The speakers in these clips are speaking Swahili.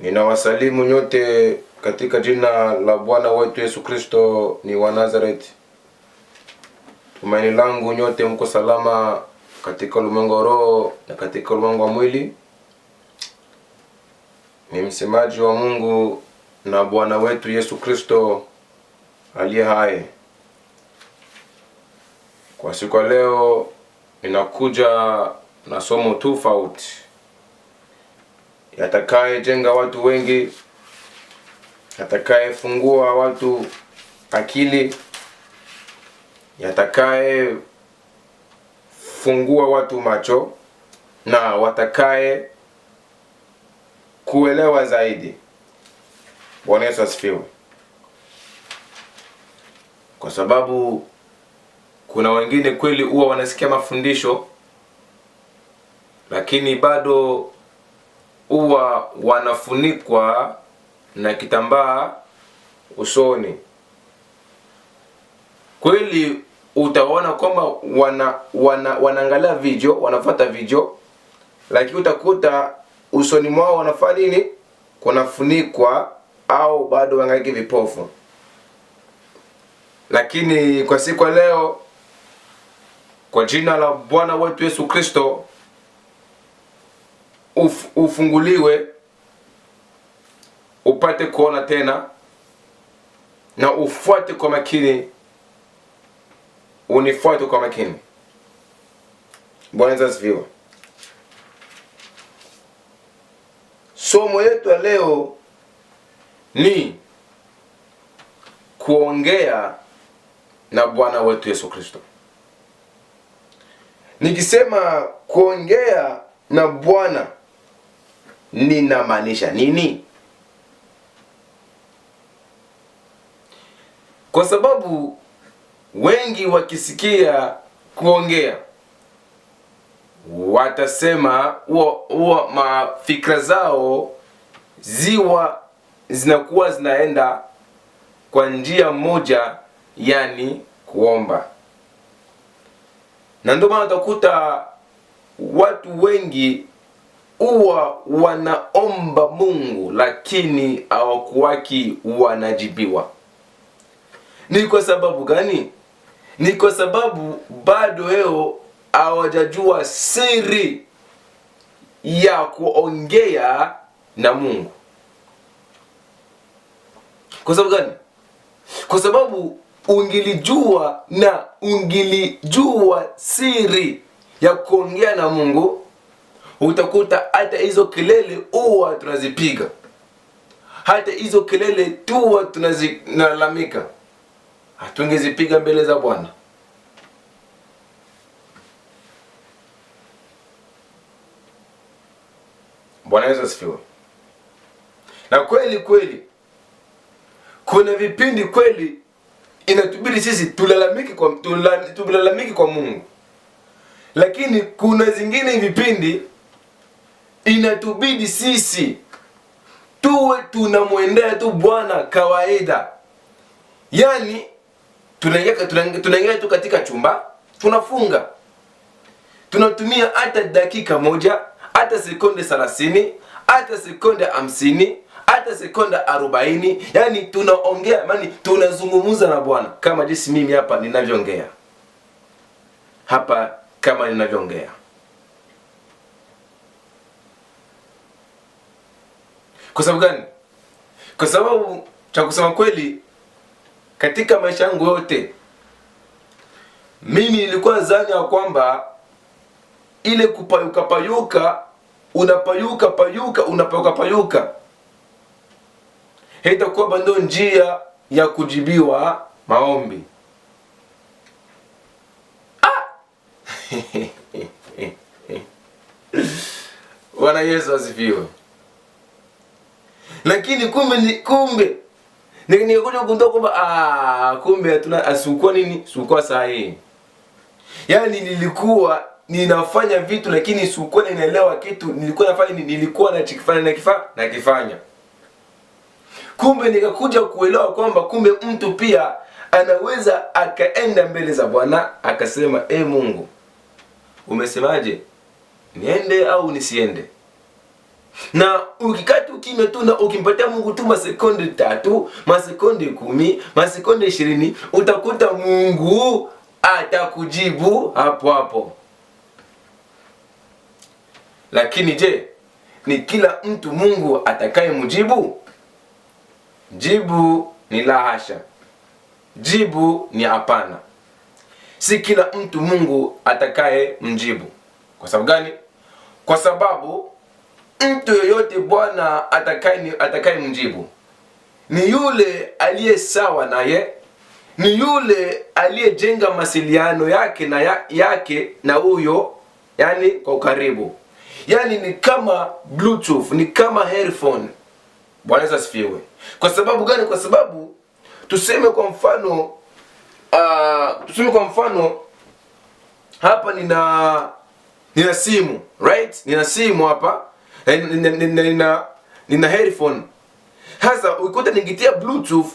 Ninawasalimu nyote katika jina la Bwana wetu Yesu Kristo ni wa Nazareti. Tumaini langu nyote mko salama katika ulimwengu wa roho na katika ulimwengu wa mwili. Ni msemaji wa Mungu na Bwana wetu Yesu Kristo aliye hai. Kwa siku ya leo ninakuja na somo tofauti yatakayejenga watu wengi, yatakayefungua watu akili, yatakayefungua watu macho na watakaye kuelewa zaidi. Bwana Yesu asifiwe. Kwa sababu kuna wengine kweli huwa wanasikia mafundisho lakini bado huwa wanafunikwa na kitambaa usoni. Kweli utaona kwamba wana, wana, wanaangalia video, wanafuata video, lakini utakuta usoni mwao wanafanya nini? Kunafunikwa au bado wangaiki vipofu. Lakini kwa siku ya leo, kwa jina la Bwana wetu Yesu Kristo uf, ufunguliwe upate kuona tena na ufuate kwa makini, unifuate kwa makini. Bwana asifiwe. Somo yetu ya leo ni kuongea na Bwana wetu Yesu Kristo. Nikisema kuongea na Bwana ninamaanisha nini? Kwa sababu wengi wakisikia kuongea watasema huwa mafikra zao ziwa zinakuwa zinaenda kwa njia moja, yani kuomba, na ndio maana utakuta watu wengi huwa wanaomba Mungu lakini hawakuwaki wanajibiwa. Ni kwa sababu gani? Ni kwa sababu bado wao hawajajua siri ya kuongea na Mungu. Kwa sababu gani? Kwa sababu ungilijua na ungilijua siri ya kuongea na Mungu utakuta hata hizo kelele huwa tunazipiga, hata hizo kelele tuwa tunalalamika, hatungezipiga mbele za Bwana. Bwana Yesu asifiwe. Na kweli kweli, kuna vipindi kweli inatubidi sisi tulalamike kwa, tulalamike kwa Mungu, lakini kuna zingine vipindi inatubidi sisi tuwe tunamwendea tu Bwana kawaida, yaani tunaingia tu katika chumba tunafunga, tunatumia hata dakika moja, hata sekunde thelathini, hata sekunde hamsini, hata sekunde arobaini, yaani tunaongea, yani tunazungumza na Bwana kama jinsi mimi hapa ninavyoongea hapa, kama ninavyoongea Kwa sababu gani? Kwa sababu cha kusema kweli, katika maisha yangu yote mimi nilikuwa zani ya kwamba ile kupayuka payuka, unapayuka payuka, unapayuka payuka, haitakuwa bando njia ya kujibiwa maombi. Ah! Bwana Yesu asifiwe lakini kumbe ni kumbe nikakuja kugundua kwamba ah, kumbe hatuna asukua ah, nini sukua sahihi. Yaani nilikuwa ninafanya vitu lakini sukua ninaelewa kitu nilikuwa nafanya nilikuwa nachokifanya na kifa na kifanya. Kumbe nikakuja kuelewa kwamba kumbe mtu pia anaweza akaenda mbele za Bwana akasema, e Mungu, umesemaje? Niende au nisiende? na ukikati ukime tu na ukimpatia Mungu tu masekonde tatu, masekonde kumi, masekonde ishirini, utakuta Mungu atakujibu hapo hapo. Lakini je, ni kila mtu Mungu atakaye mjibu? Jibu ni la hasha, jibu ni hapana. Si kila mtu Mungu atakaye mjibu. Kwa sababu gani? Kwa sababu mtu yoyote Bwana atakaye atakaye mjibu ni yule aliye sawa naye, ni yule aliyejenga masiliano yake na ya, yake na huyo yani kwa ukaribu, yani ni kama bluetooth, ni kama headphone. Bwana Yesu asifiwe. Kwa sababu gani? Kwa sababu tuseme kwa mfano uh, tuseme kwa mfano hapa nina nina simu right, nina simu hapa Eh, nina, headphone. Hasa ukikuta nikitia bluetooth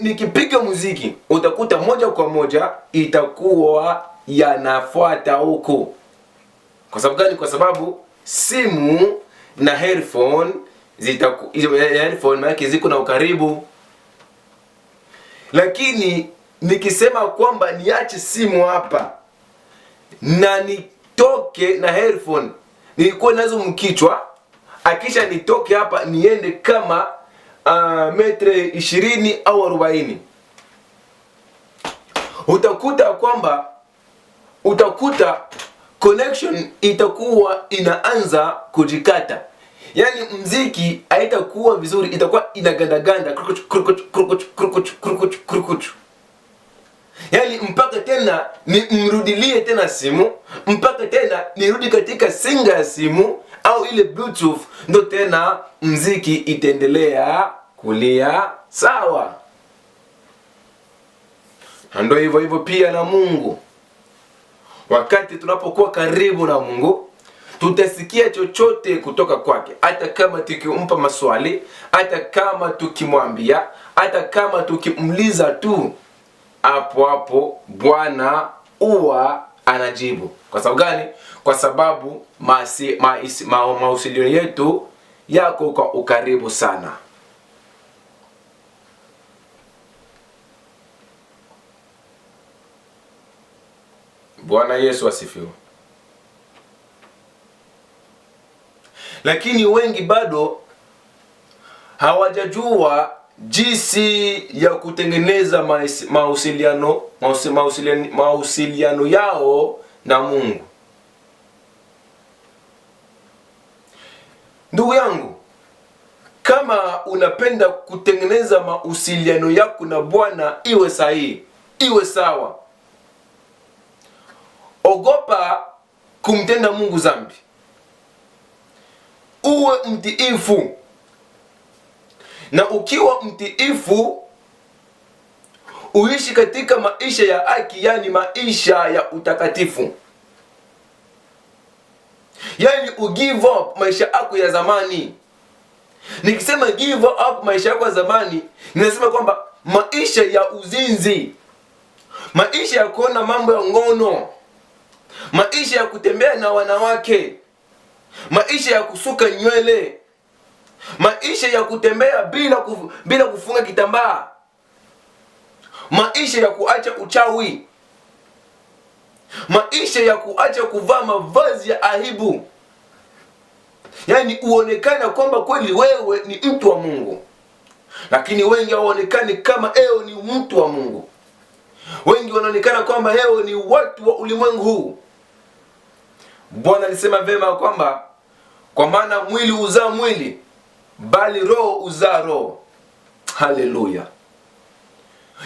nikipiga muziki utakuta moja kwa moja itakuwa yanafuata huko. Kwa sababu gani? Kwa sababu simu na headphone zitaku eh, eh, headphone maana ziko na ukaribu, lakini nikisema kwamba niache simu hapa na nitoke na headphone nilikuwa nazo mkichwa, akisha nitoke hapa niende kama uh, metre ishirini au arobaini utakuta kwamba utakuta connection itakuwa inaanza kujikata, yaani mziki haitakuwa vizuri, itakuwa inagandaganda krukuchu, krukuchu, krukuchu, krukuchu, krukuchu, krukuchu yaani mpaka tena nimrudilie tena simu mpaka tena nirudi katika singa ya simu au ile bluetooth, ndo tena mziki itaendelea kulia sawa. Ndo hivyo hivyo pia na Mungu. Wakati tunapokuwa karibu na Mungu, tutasikia chochote kutoka kwake, hata kama tukimpa maswali, hata kama tukimwambia, hata kama tukimuliza tu hapo hapo Bwana huwa anajibu. Kwa sababu gani? Kwa sababu mawasiliano ma, yetu yako kwa ukaribu sana. Bwana Yesu asifiwe. Lakini wengi bado hawajajua jinsi ya kutengeneza mausiliano mausiliano yao na Mungu. Ndugu yangu, kama unapenda kutengeneza mausiliano yako na Bwana iwe sahihi, iwe sawa, ogopa kumtenda Mungu zambi, uwe mtiifu na ukiwa mtiifu uishi katika maisha ya haki, yani maisha ya utakatifu, yani u give up maisha yako ya zamani. Nikisema give up maisha yako ya zamani, ninasema kwamba maisha ya uzinzi, maisha ya kuona mambo ya ngono, maisha ya kutembea na wanawake, maisha ya kusuka nywele maisha ya kutembea bila, kuf, bila kufunga kitambaa, maisha ya kuacha uchawi, maisha ya kuacha kuvaa mavazi ya aibu, yaani uonekana kwamba kweli wewe ni mtu wa Mungu, lakini wengi hawaonekani kama eo ni mtu wa Mungu. Wengi wanaonekana kwamba eo ni watu wa ulimwengu huu. Bwana alisema vema kwamba kwa maana mwili uzaa mwili bali roho uzaa roho. Haleluya!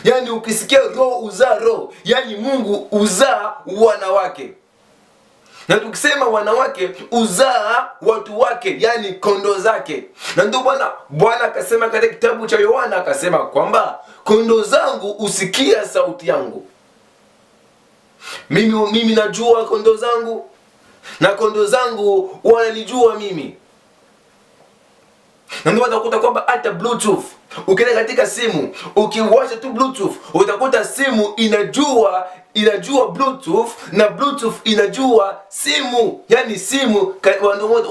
Yaani ukisikia roho uzaa roho, yaani Mungu uzaa wanawake, na tukisema wanawake uzaa watu wake, yaani kondo zake. Na ndio Bwana Bwana akasema katika kitabu cha Yohana akasema kwamba kondo zangu usikia sauti yangu mimi, mimi najua kondo zangu na kondo zangu wananijua mimi na ndio utakuta kwamba hata bluetooth ukienda katika simu ukiwasha tu bluetooth utakuta simu inajua inajua bluetooth na bluetooth inajua simu, yani simu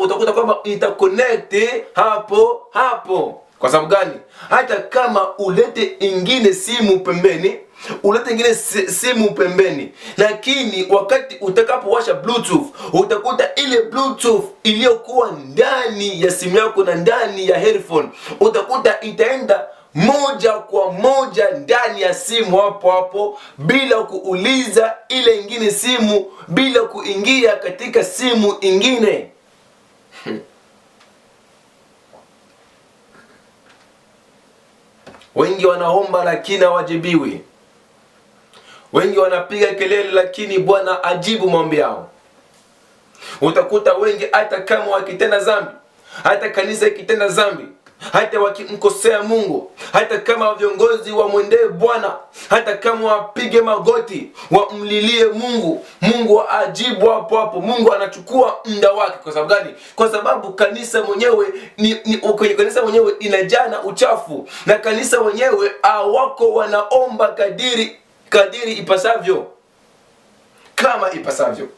utakuta kwamba itaconnect hapo hapo. Kwa sababu gani? Hata kama ulete ingine simu pembeni ulete ingine simu pembeni, lakini wakati utakapowasha bluetooth utakuta ile bluetooth iliyokuwa ndani ya simu yako na ndani ya headphone utakuta itaenda moja kwa moja ndani ya simu hapo hapo, bila kuuliza ile ingine simu, bila kuingia katika simu ingine. Wengi wanaomba lakini hawajibiwi. Wengi wanapiga kelele, lakini Bwana ajibu maombi yao. Utakuta wengi hata kama wakitenda zambi hata kanisa ikitenda zambi hata wakimkosea Mungu, hata kama viongozi wamwendee Bwana, hata kama wapige magoti wamlilie Mungu, Mungu ajibu hapo hapo. Mungu anachukua muda wake. Kwa sababu gani? Kwa sababu kanisa mwenyewe ni, ni, kanisa mwenyewe inajaa na uchafu, na kanisa wenyewe hawako wanaomba kadiri kadiri ipasavyo, kama ipasavyo.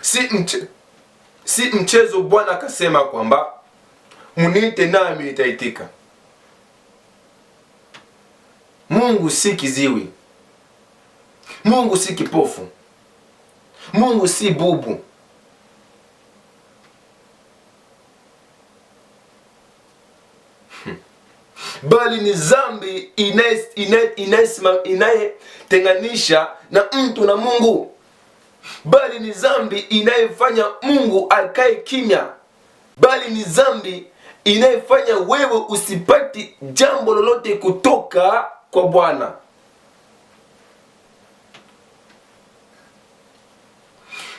Si, mche, si mchezo. Bwana akasema kwamba mniite nami nitaitika. Mungu si kiziwi, Mungu si kipofu, Mungu si bubu. bali ni zambi inayetenganisha na mtu na Mungu, bali ni zambi inayefanya Mungu akae kimya, bali ni zambi inayefanya wewe usipati jambo lolote kutoka kwa Bwana.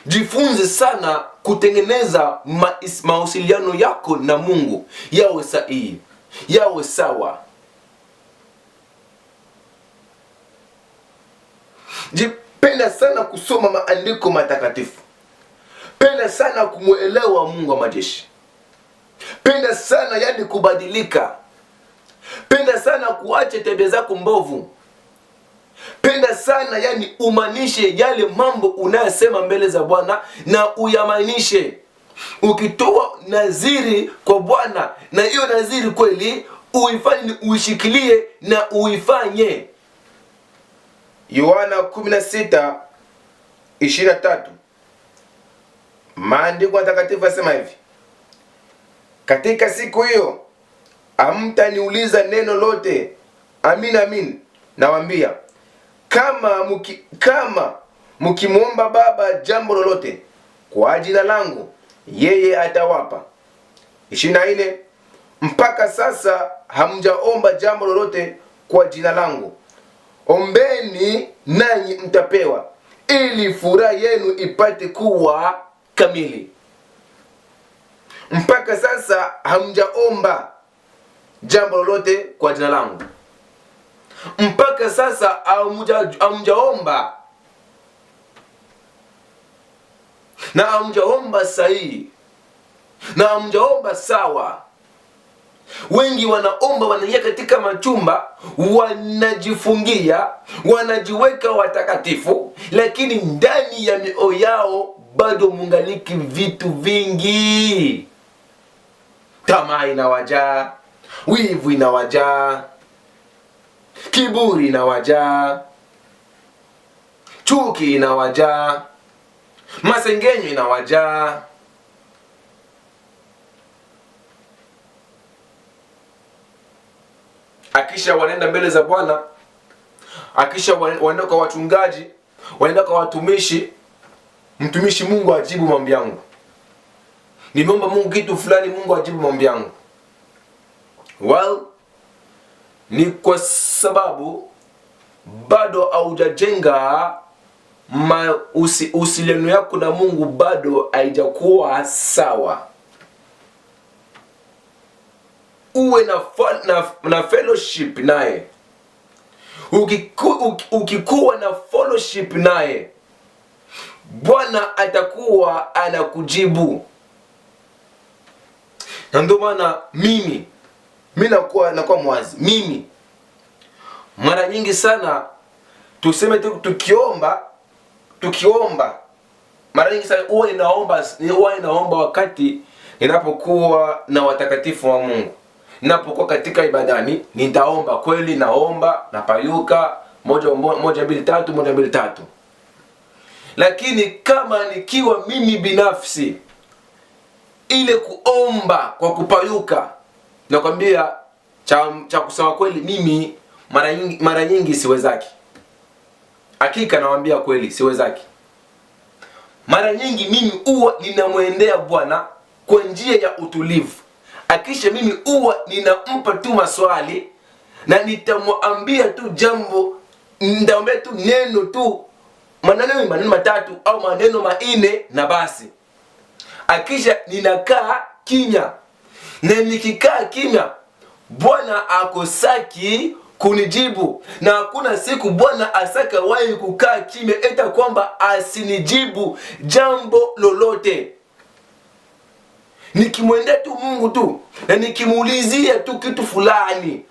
Jifunze sana kutengeneza mahusiano yako na Mungu yawe sahihi yawe sawa. Jipenda sana kusoma maandiko matakatifu, penda sana kumwelewa Mungu wa majeshi, penda sana yani kubadilika, penda sana kuacha tabia zako mbovu, penda sana yani umanishe yale mambo unayosema mbele za Bwana na uyamanishe. Ukitoa naziri kwa Bwana na hiyo naziri kweli uifanye, uishikilie na uifanye. Yohana 16:23 Maandiko matakatifu yasema hivi, katika siku hiyo hamtaniuliza neno lote. Amin, amin nawaambia, kama muki, kama mkimwomba Baba jambo lolote kwa jina langu yeye atawapa. ishirini mpaka sasa hamjaomba jambo lolote kwa jina langu, ombeni nanyi mtapewa, ili furaha yenu ipate kuwa kamili. Mpaka sasa hamjaomba jambo lolote kwa jina langu, mpaka sasa hamjaomba na hamjaomba sahihi na hamjaomba sawa. Wengi wanaomba wanaingia katika machumba, wanajifungia, wanajiweka watakatifu, lakini ndani ya mioyo yao bado mungaliki vitu vingi. Tamaa inawajaa, wivu inawajaa, kiburi inawajaa, chuki inawajaa masengenyo inawajaa akisha wanaenda mbele za Bwana, akisha wanaenda kwa wachungaji, wanaenda kwa watumishi. Mtumishi, Mungu ajibu maombi yangu, nimeomba Mungu kitu fulani, Mungu ajibu maombi yangu. Well, ni kwa sababu bado haujajenga mahusiano yako na Mungu bado haijakuwa sawa. Uwe na, na, na fellowship naye. Ukiku, ukikuwa na fellowship naye Bwana atakuwa anakujibu, na ndio maana mimi mi nakuwa nakuwa mwazi. Mimi mara nyingi sana tuseme tu tukiomba tukiomba mara nyingi sana huwa inaomba huwa inaomba wakati ninapokuwa na watakatifu wa Mungu, ninapokuwa katika ibadani, nitaomba kweli, naomba napayuka, moja moja mbili tatu, moja mbili tatu. Lakini kama nikiwa mimi binafsi, ile kuomba kwa kupayuka, nakwambia cha, cha kusema kweli, mimi mara nyingi, mara nyingi siwezaki. Hakika nawaambia kweli, siwezaki. Mara nyingi mimi huwa ninamwendea Bwana kwa njia ya utulivu, akisha mimi huwa ninampa tu maswali na nitamwambia tu jambo, nitamwambia tu neno tu, maneno maneno matatu au maneno manne, na basi akisha ninakaa kimya, na nikikaa kimya Bwana akosaki kunijibu na hakuna siku Bwana asakawahi kukaa kimya, eta kwamba asinijibu jambo lolote. Nikimwendea tu Mungu tu na nikimuulizia tu kitu fulani,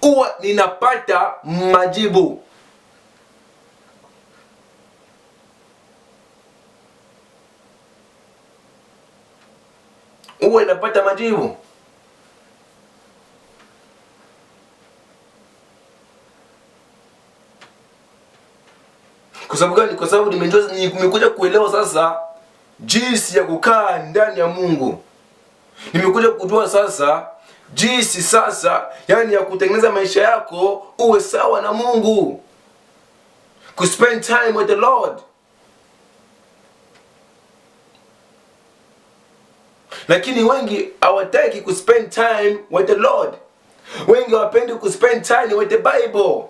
huwa ninapata majibu. Huwa inapata majibu. Kwa sababu gani? Kwa sababu nimekuja kuelewa sasa jinsi ya kukaa ndani ya Mungu. Nimekuja kujua sasa jinsi sasa, yani ya kutengeneza maisha yako uwe sawa na Mungu, ku spend time with the Lord. Lakini wengi hawataki ku spend time with the Lord, wengi hawapendi ku spend time with the Bible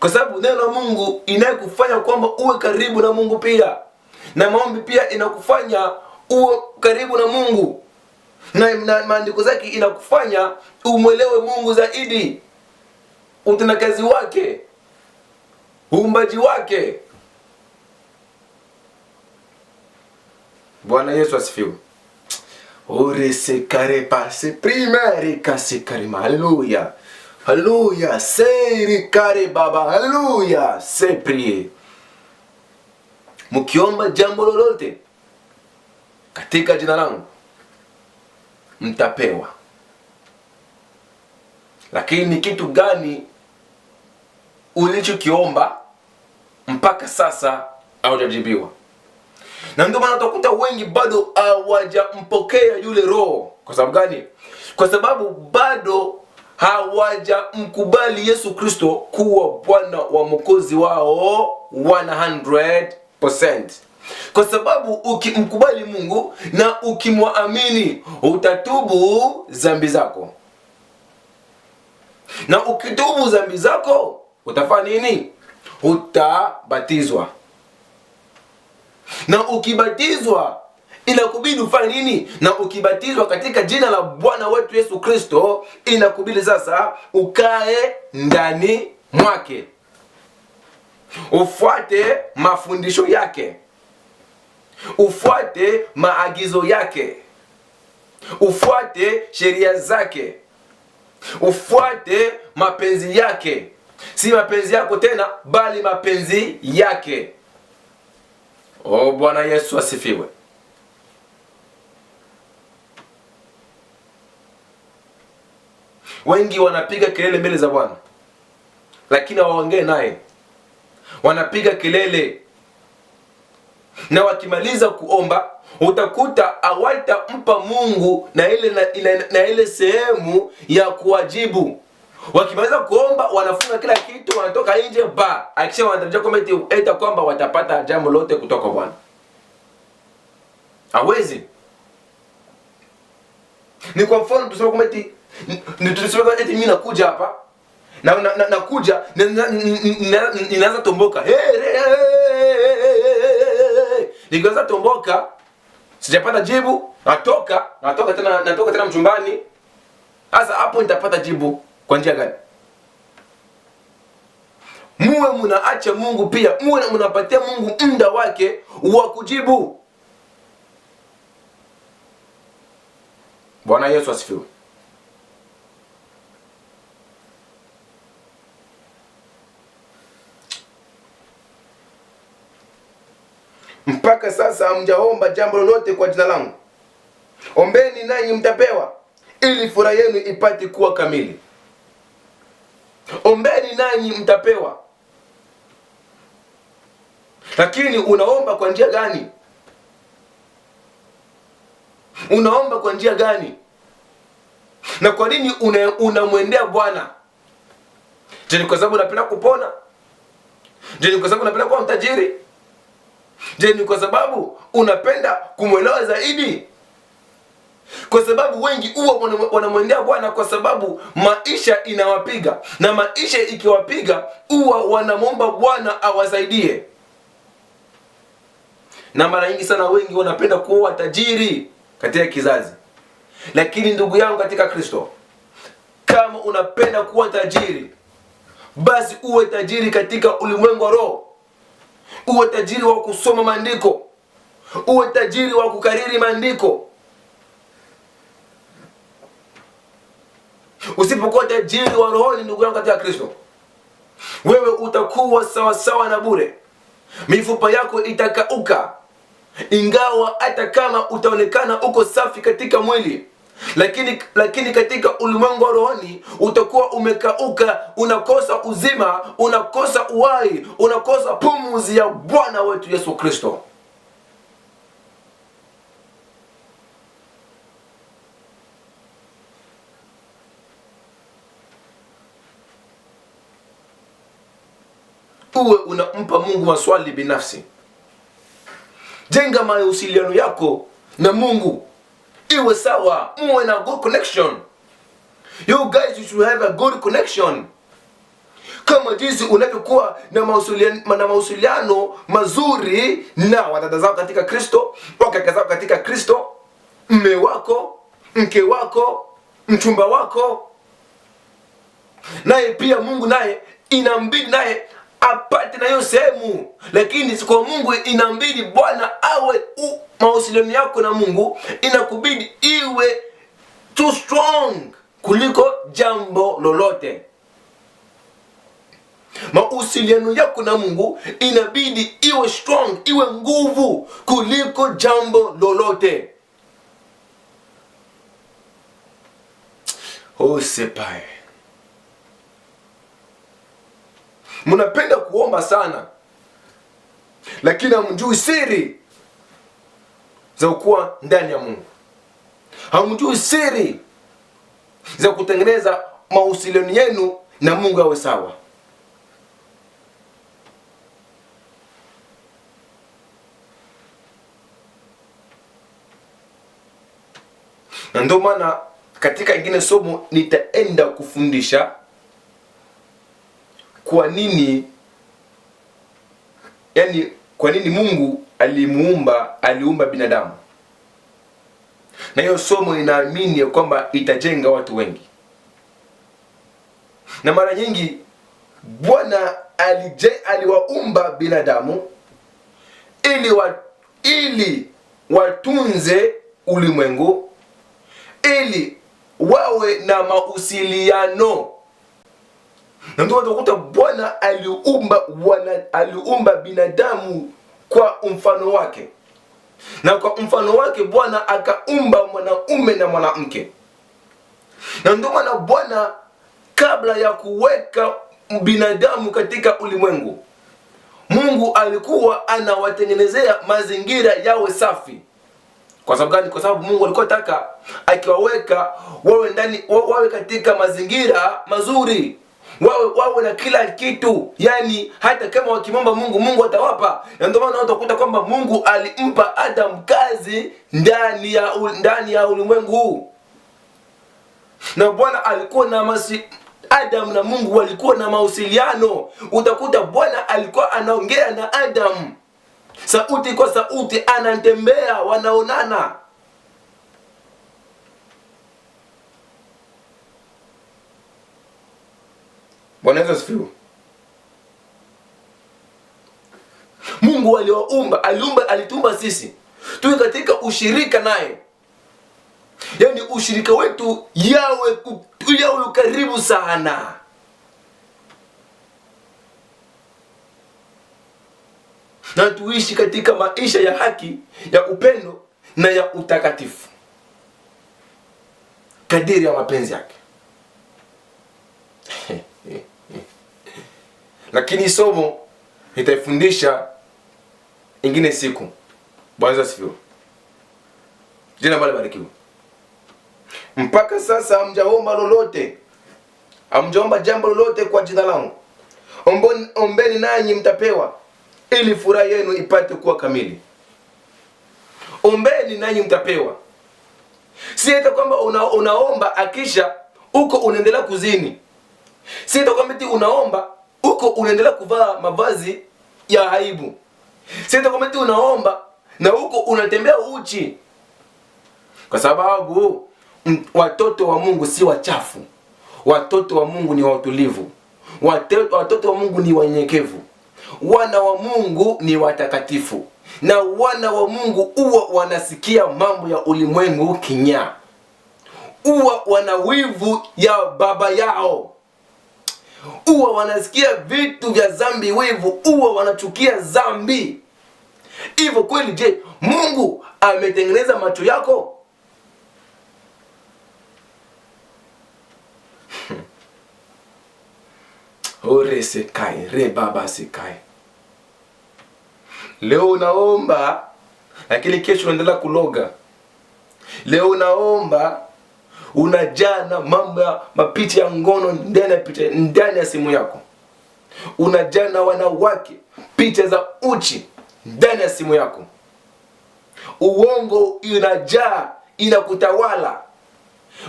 kwa sababu neno la Mungu inayekufanya kwamba uwe karibu na Mungu pia, na maombi pia inakufanya uwe karibu na Mungu, na, na maandiko zake inakufanya umwelewe Mungu zaidi, utendakazi wake, uumbaji wake. Bwana Yesu asifiwe. urisikare pasi primeri kasikari haleluya Alléluia. Serikali Baba, alléluia. C'est prier. Mukiomba jambo lolote katika jina langu mtapewa. Lakini ni kitu gani ulichokiomba mpaka sasa haujajibiwa? Na ndio maana utakuta wengi bado hawajampokea yule Roho. Kwa sababu gani? Kwa sababu bado hawajamkubali Yesu Kristo kuwa Bwana wa Mwokozi wao 100%. Kwa sababu ukimkubali Mungu na ukimwamini utatubu zambi zako, na ukitubu zambi zako utafanya nini? Utabatizwa, na ukibatizwa inakubidi ufanye nini? Na ukibatizwa katika jina la Bwana wetu Yesu Kristo, inakubidi sasa ukae ndani mwake, ufuate mafundisho yake, ufuate maagizo yake, ufuate sheria zake, ufuate mapenzi yake, si mapenzi yako tena, bali mapenzi yake. O Bwana Yesu asifiwe. Wengi wanapiga kelele mbele za Bwana, lakini hawaongee naye. Wanapiga kelele na wakimaliza kuomba utakuta awatampa Mungu na ile, na, na, na ile sehemu ya kuwajibu. Wakimaliza kuomba wanafunga kila kitu, wanatoka nje ba akisha, wanatarajia kwamba eti kwamba watapata jambo lote kutoka kwa Bwana. Hawezi. Ni kwa mfano tuseme kwamba eti eti mimi nakuja hapa na nakuja ninaanza tomboka, nikianza tomboka sijapata jibu, natoka natoka tena natoka tena mchumbani. Sasa hapo nitapata jibu kwa njia gani? Muwe mnaacha Mungu, pia muwe mnapatia Mungu muda wake wa kujibu. Bwana Yesu asifiwe. mpaka sasa hamjaomba jambo lolote kwa jina langu. Ombeni nanyi mtapewa, ili furaha yenu ipate kuwa kamili. Ombeni nanyi mtapewa. Lakini unaomba kwa njia gani? Unaomba kwa njia gani? Na kwa nini unamwendea una Bwana? Je, ni kwa sababu unapenda kupona? Je, ni kwa sababu unapenda kuwa mtajiri? Je, ni kwa sababu unapenda kumwelewa zaidi? Kwa sababu wengi huwa wanamwendea Bwana kwa sababu maisha inawapiga, na maisha ikiwapiga huwa wanamwomba Bwana awasaidie. Na mara nyingi sana wengi wanapenda kuwa tajiri katika kizazi, lakini ndugu yangu katika Kristo, kama unapenda kuwa tajiri, basi uwe tajiri katika ulimwengu wa roho uwe tajiri wa kusoma maandiko, uwe tajiri wa kukariri maandiko. Usipokuwa tajiri wa rohoni, ndugu yangu katika Kristo, wewe utakuwa sawasawa na bure, mifupa yako itakauka, ingawa hata kama utaonekana uko safi katika mwili lakini lakini katika ulimwengu wa rohoni utakuwa umekauka, unakosa uzima, unakosa uhai, unakosa pumzi ya Bwana wetu Yesu Kristo. Uwe unampa Mungu maswali binafsi, jenga mahusiano yako na Mungu iwe sawa, muwe na good connection. You guys you should have a good connection, kama jinsi unavyokuwa na mausuliano, na mausuliano mazuri na wadada zao katika Kristo, wakaka zao katika Kristo, mme wako, mke wako, mchumba wako, naye pia Mungu naye inambidi naye apate na hiyo sehemu, lakini kwa Mungu inabidi Bwana awe mahusiano yako na Mungu inakubidi iwe too strong kuliko jambo lolote. Mahusiano yako na Mungu inabidi iwe strong, iwe nguvu kuliko jambo lolote. Osepae mnapenda kuomba sana, lakini hamjui siri za kuwa ndani ya Mungu, hamjui siri za kutengeneza mahusiano yenu na Mungu awe sawa. Na ndio maana katika ingine somo nitaenda kufundisha kwa nini yani, kwa nini Mungu alimuumba aliumba binadamu, na hiyo somo inaamini ya kwamba itajenga watu wengi, na mara nyingi Bwana aliwaumba binadamu ili, wa, ili watunze ulimwengu ili wawe na mausiliano na ndio utakuta Bwana aliumba wana, aliumba binadamu kwa mfano wake, na kwa mfano wake Bwana akaumba mwanaume na mwanamke. Na ndio maana Bwana kabla ya kuweka binadamu katika ulimwengu, Mungu alikuwa anawatengenezea mazingira yawe safi. Kwa sababu gani? Kwa sababu Mungu alikuwa taka akiwaweka wawe ndani wawe katika mazingira mazuri wawe wawe na kila kitu, yani hata kama wakimomba Mungu, Mungu atawapa. Na ndio maana utakuta kwamba Mungu alimpa Adam kazi ndani ya ndani ya ulimwengu huu, na Bwana alikuwa na masi Adam na Mungu walikuwa na mawasiliano. Utakuta Bwana alikuwa anaongea na Adam sauti kwa sauti, anatembea, wanaonana Bwana asifiwe. Mungu aliwaumba, aliumba, alituumba sisi tuwe katika ushirika naye, yaani ushirika wetu yawe, yawe karibu sana. na tuishi katika maisha ya haki ya upendo na ya utakatifu kadiri ya mapenzi yake. lakini somo nitaifundisha ingine siku. Bwana asifiwe, jina bali barikiwe. Mpaka sasa hamjaomba lolote, hamjaomba jambo lolote kwa jina langu. Ombeni, nanyi mtapewa, ili furaha yenu ipate kuwa kamili. Ombeni nanyi mtapewa, si hata kwamba una, unaomba akisha uko unaendelea kuzini, si hata kwamba unaomba huko unaendelea kuvaa mavazi ya aibu. Sasa unaomba na huko unatembea uchi, kwa sababu watoto wa Mungu si wachafu. Watoto wa Mungu ni watulivu, watoto wa Mungu ni wanyenyekevu, wana wa Mungu ni watakatifu, na wana wa Mungu huwa wanasikia mambo ya ulimwengu kinyaa, huwa wana wivu ya baba yao huwa wanasikia vitu vya zambi wivu, huwa wanachukia zambi Hivyo kweli, je, Mungu ametengeneza macho yako? ore sekai re baba sekai. Leo unaomba lakini kesho unaendelea kuloga. Leo unaomba unajaa na mambo ya mapicha ya ngono ndani ya picha ndani ya simu yako, unajaa na wanawake, picha za uchi ndani ya simu yako, uongo inajaa inakutawala,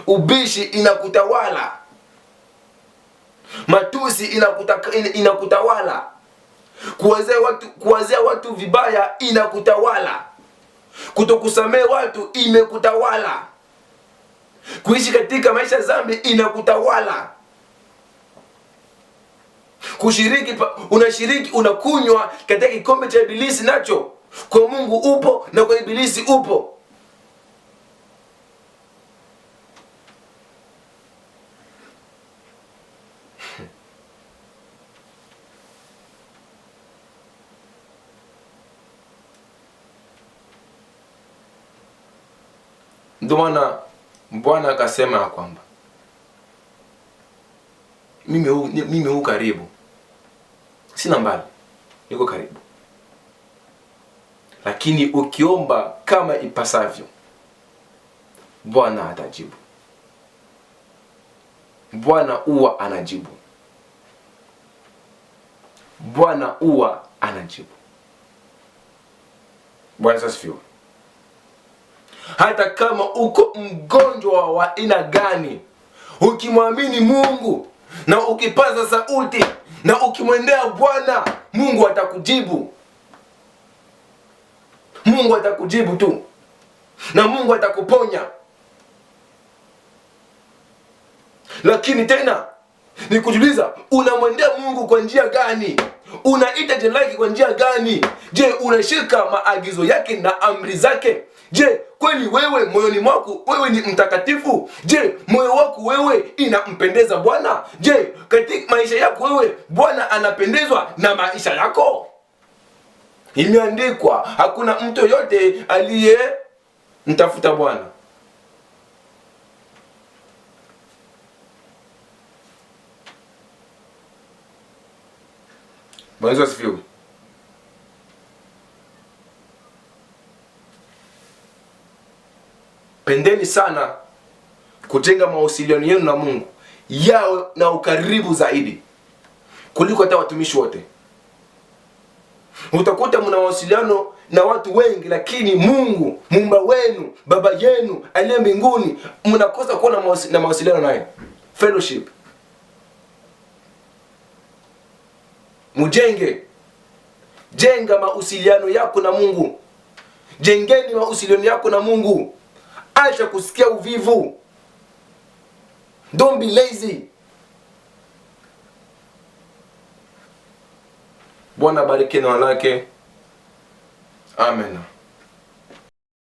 ubishi inakutawala, matusi inakuta, inakutawala kuwazea watu, kuwazea watu vibaya inakutawala, kutokusamea watu imekutawala. Kuishi katika maisha ya dhambi inakutawala. Kushiriki, unashiriki, unakunywa katika kikombe cha Ibilisi, nacho kwa Mungu upo na kwa Ibilisi upo. Ndio maana Bwana akasema ya kwamba mimi huu, mimi huu karibu, sina mbali, niko karibu, lakini ukiomba kama ipasavyo Bwana atajibu. Bwana huwa anajibu. Bwana huwa anajibu. Bwana asifiwe hata kama uko mgonjwa wa aina gani, ukimwamini Mungu na ukipaza sauti na ukimwendea Bwana, Mungu atakujibu. Mungu atakujibu tu, na Mungu atakuponya. Lakini tena ni kujuliza unamwendea Mungu kwa njia gani? Unaita jina lake kwa njia gani? Je, unashika maagizo yake na amri zake? Je, kweli wewe moyoni mwako wewe ni mtakatifu? Je, moyo wako wewe inampendeza Bwana? Je, katika maisha yako wewe Bwana anapendezwa na maisha yako? Imeandikwa, hakuna mtu yoyote aliye mtafuta Bwana Bwana asifiwe. pendeni sana kujenga mawasiliano yenu na Mungu yao na ukaribu zaidi kuliko hata watumishi wote. Utakuta mna mawasiliano na watu wengi, lakini Mungu mumba wenu baba yenu aliye mbinguni mnakosa kuwa na mawasiliano naye, fellowship. Mujenge, jenga mausiliano yako na Mungu, jengeni mausiliano yako na Mungu. Acha kusikia uvivu. Don't be lazy. Bwana bariki na wanake. Amen.